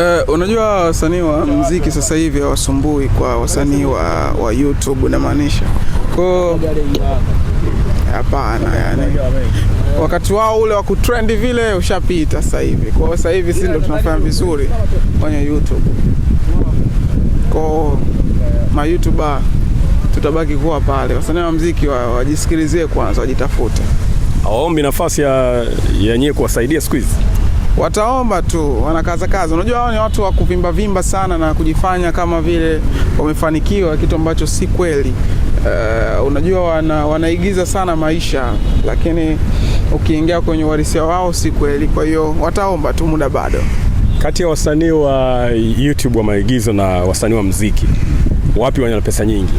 Uh, unajua wasanii wa mziki sasa hivi hawasumbui kwa wasanii wa, wa YouTube namaanisha ko hapana, yani wakati wao ule wa kutrend vile ushapita sasa hivi. Kwa sasa hivi sisi ndo tunafanya vizuri kwenye YouTube, ko ma YouTuber tutabaki kuwa pale. Wasanii wa mziki wajisikilizie kwanza, wajitafute, awaombi nafasi ya yenyewe kuwasaidia siku hizi wataomba tu, wanakaza kaza. Unajua hao ni watu wa kuvimba vimba sana na kujifanya kama vile wamefanikiwa, kitu ambacho si kweli. Uh, unajua wana, wanaigiza sana maisha, lakini ukiingia kwenye uhalisia wao si kweli. Kwa hiyo wataomba tu, muda bado. Kati ya wasanii wa YouTube wa maigizo na wasanii wa mziki, wapi wana pesa nyingi?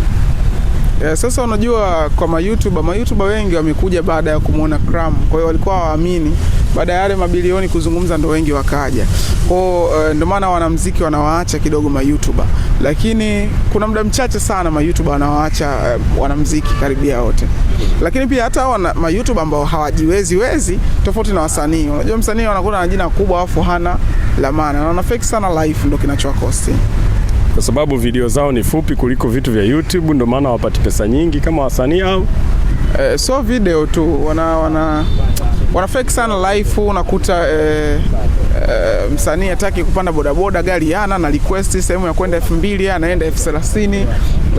Yeah, sasa unajua kwa mayoutuber mayoutuber wengi wamekuja baada ya kumwona Kram, kwa hiyo walikuwa waamini baada ya yale mabilioni kuzungumza, ndo wengi wakaja kwao, eh, ndo maana wanamuziki wanawaacha kidogo ma YouTuber, lakini kuna muda mchache sana ma YouTuber wanawaacha uh, wanamuziki karibia wote, lakini pia hata wana ma YouTuber ambao hawajiwezi wezi, tofauti na wasanii. Unajua msanii anakuwa na jina kubwa afu hana la maana na anafake sana life, ndo kinachowakosti kwa sababu video zao ni fupi kuliko vitu vya YouTube, ndio maana hawapati pesa nyingi kama wasanii au e, so video tu wana wana wanafleki sana life. Unakuta e, e, msanii hataki kupanda bodaboda, gari yana na request sehemu ya kwenda elfu mbili anaenda elfu thelathini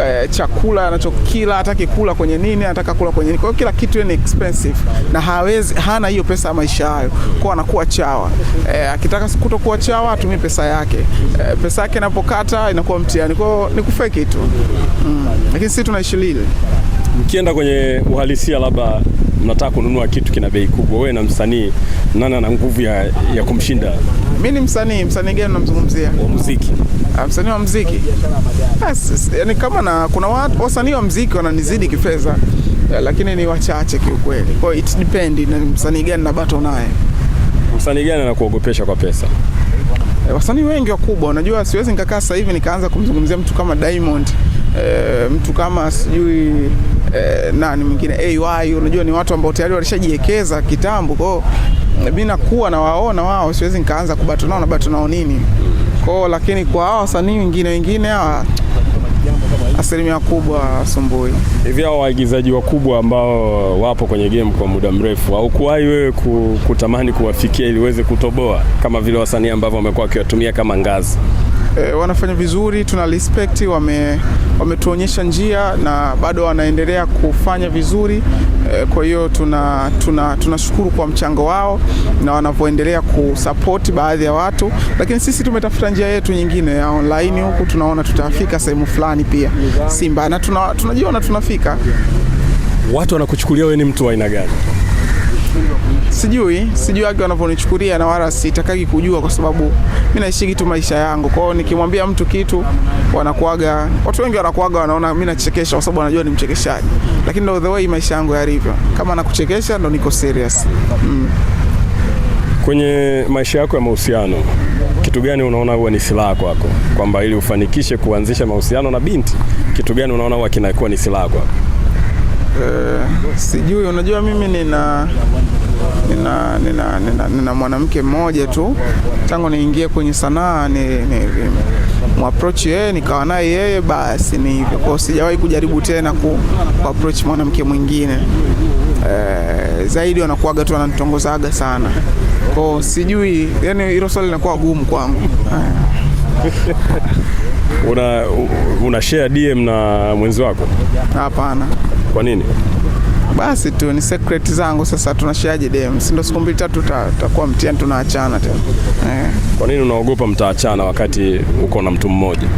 eh, chakula anachokila hataki kula kwenye nini, anataka kula kwenye nini. Kwa hiyo kila kitu ni expensive na hawezi, hana hiyo pesa ya maisha hayo, kwa anakuwa chawa e, akitaka kutokuwa chawa atumie pesa yake e, pesa yake inapokata inakuwa mtihani. Kwa ni kufake tu mm. Lakini sisi tunaishi lile mkienda kwenye uhalisia labda mnataka kununua kitu kina bei kubwa, wewe na msanii nani ana nguvu ya, ya kumshinda? Mimi ni msanii. Msanii gani unamzungumzia? wa muziki. Ah, msanii wa muziki, yes, yani kama na kuna watu wasanii wa muziki wananizidi kifedha, eh, lakini ni wachache kiukweli. Kwa hiyo it depend na msanii gani na bato naye. Msanii gani anakuogopesha kwa pesa? Eh, wasanii wengi wakubwa, unajua siwezi nikakaa sasa hivi nikaanza kumzungumzia mtu kama Diamond Eh, mtu kama sijui e, nani mwingine AY, unajua ni watu ambao tayari walishajiwekeza kitambo kwao. Mimi nakuwa nawaona wao, siwezi nikaanza kubatu nao na batu nao nini kwao, lakini kwa hao wasanii wengine wengine hawa ah, asilimia kubwa asumbui hivi. Hao waigizaji wakubwa ambao wapo kwenye game kwa muda mrefu, haukuwahi wewe kutamani kuwafikia ili uweze kutoboa kama vile wasanii ambao wamekuwa wakiwatumia kama ngazi? e, wanafanya vizuri, tuna respect, wame wametuonyesha njia na bado wanaendelea kufanya vizuri e, kwa hiyo tuna tunashukuru tuna kwa mchango wao na wanavyoendelea kusupport baadhi ya watu, lakini sisi tumetafuta njia yetu nyingine ya online huku, tunaona tutafika sehemu fulani pia Simba na tuna, tunajiona tunafika. Watu wanakuchukulia wewe ni mtu wa aina gani? sijui sijui wake wanavyonichukulia na wala sitakagi kujua, kwa sababu mimi naishi tu maisha yangu. Kwao nikimwambia mtu kitu, wanakuaga watu wengi wanakuaga wanaona mimi nachekesha, kwa sababu wanajua ni mchekeshaji, lakini ndio the way maisha yangu yalivyo. Kama nakuchekesha ndo niko serious mm. Kwenye maisha yako ya mahusiano, kitu gani unaona huwa ni silaha kwako, kwamba ili ufanikishe kuanzisha mahusiano na binti, kitu gani unaona huwa kinakuwa ni silaha kwako? Uh, sijui, unajua mimi nina nina, nina, nina, nina mwanamke mmoja tu tangu niingie kwenye sanaa ni, ni, ni muapproach yeye nikawa naye yeye, basi ni hivyo kwao. Sijawahi kujaribu tena ku, ku approach mwanamke mwingine e, zaidi wanakuaga tu wananitongozaga sana kwao, sijui yani hilo swali linakuwa gumu kwangu Una, una share DM na mwenzi wako? Hapana. Kwa nini? basi tu ni secret zangu sasa, tunashiaje dem, si ndo siku mbili tatu tutakuwa mtiani, tunaachana tena eh. Kwa nini unaogopa mtaachana wakati uko na mtu mmoja?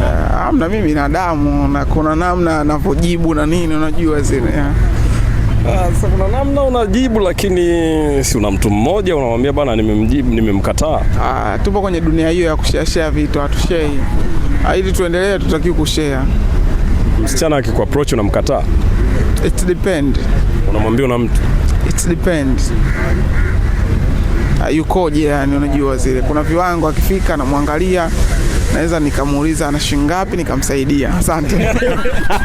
Uh, ah, amna, mi binadamu na kuna namna anavyojibu na nini, unajua zile eh. ah, sasa kuna namna unajibu, lakini si una mtu mmoja unamwambia bana, nimemjibu nimemkataa. Ah, tupo kwenye dunia hiyo ya kushare vitu, hatushare ah, ili tuendelee, tutaki kushare. Msichana akikuapproach unamkataa? It depend. Unamwambia na mtu? It depend. Ah, yukoje yani, unajua zile kuna viwango, akifika namwangalia, naweza nikamuuliza ana shilingi ngapi, nikamsaidia. Asante.